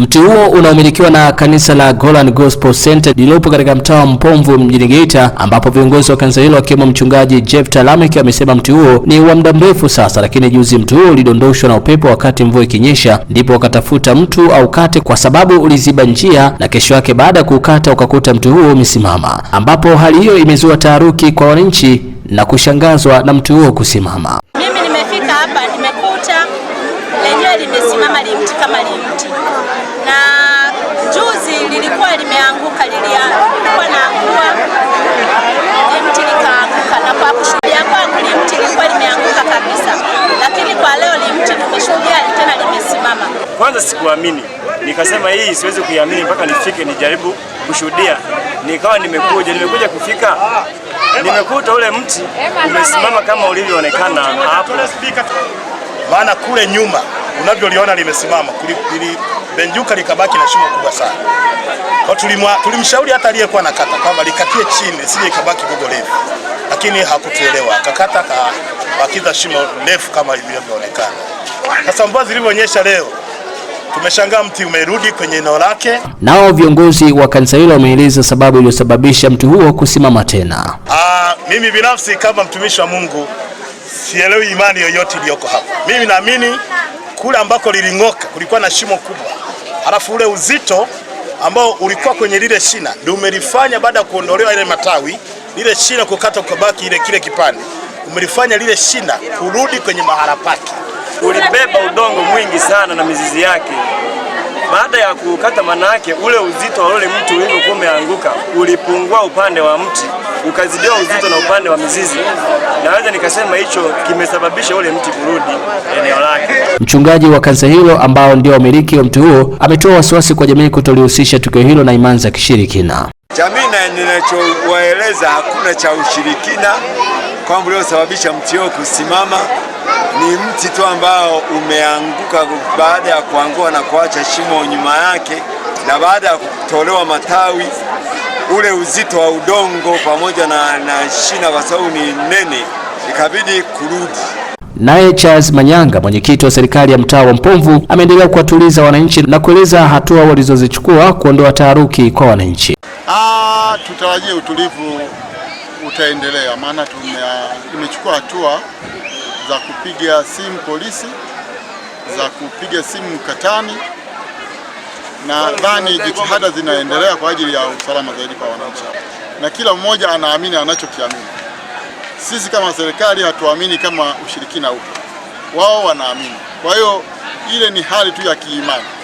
Mti huo unaomilikiwa na kanisa la Golan Gospel Center lililopo katika mtaa wa Mpomvu mjini Geita, ambapo viongozi wa kanisa hilo akiwemo mchungaji Jeff Lamek amesema mti huo ni wa muda mrefu sasa, lakini juzi mti huo ulidondoshwa na upepo wakati mvua ikinyesha, ndipo wakatafuta mtu aukate kwa sababu uliziba njia, na kesho yake baada ya kuukata ukakuta mti huo umesimama, ambapo hali hiyo imezua taharuki kwa wananchi na kushangazwa na mti huo kusimama. limesimama limti kama limti, na juzi lilikuwa limeanguka, lilikuwa naangua limti likaanguka, na kwa kushuhudia kwangu limti lilikuwa limeanguka kabisa, lakini kwa leo limti nimeshuhudia tena limesimama. Kwanza sikuamini, nikasema hii siwezi kuiamini mpaka nifike nijaribu kushuhudia. Nikawa nimekuja nimekuja kufika nimekuta ule mti umesimama kama ulivyoonekana hapo, maana kule nyuma unavyoliona limesimama, benjuka likabaki na shimo kubwa sana. Kwa tulimshauri hata aliyekuwa nakata kwamba likatie chini sije ikabaki gogo refu, lakini hakutuelewa akakata akabakiza shimo refu kama ilivyoonekana. Sasa mvua zilivyonyesha leo tumeshangaa mti umerudi kwenye eneo lake. Nao viongozi wa kanisa hilo wameeleza sababu iliyosababisha mti huo kusimama tena. Aa, ah, mimi binafsi kama mtumishi wa Mungu sielewi imani yoyote iliyoko hapa. Mimi naamini kule ambako liling'oka kulikuwa na shimo kubwa, alafu ule uzito ambao ulikuwa kwenye lile shina ndio umelifanya baada ya kuondolewa ile matawi, lile shina kukata ukabaki ile kile kipande, umelifanya lile shina kurudi kwenye mahala pake. Ulibeba udongo mwingi sana na mizizi yake. Baada ya kukata, manake ule uzito wa ule mti ulivyokuwa umeanguka ulipungua upande wa mti ukazidiwa uzito na upande wa mizizi, naweza nikasema hicho kimesababisha ule mti kurudi eneo lake. Mchungaji wa kanisa hilo ambao ndio wamiliki wa mti huo ametoa wasiwasi kwa jamii kutolihusisha tukio hilo na imani za kishirikina. Jamii na ninachowaeleza hakuna cha ushirikina kwamba uliosababisha mti huo kusimama ni mti tu ambao umeanguka baada ya kuangua na kuacha shimo nyuma yake, na baada ya kutolewa matawi ule uzito wa udongo pamoja na, na shina kwa sababu ni nene, ikabidi kurudi. Naye Charles Manyanga, mwenyekiti wa serikali ya mtaa wa Mpomvu, ameendelea kuwatuliza wananchi na kueleza hatua walizozichukua kuondoa taharuki kwa wananchi. Ah, tutarajie utulivu utaendelea, maana tumechukua hatua za kupiga simu polisi, za kupiga simu katani nadhani jitihada zinaendelea kwa ajili ya usalama zaidi kwa wananchi, na kila mmoja anaamini anachokiamini. Sisi kama serikali hatuamini kama ushirikina upo, wao wanaamini. Kwa hiyo ile ni hali tu ya kiimani.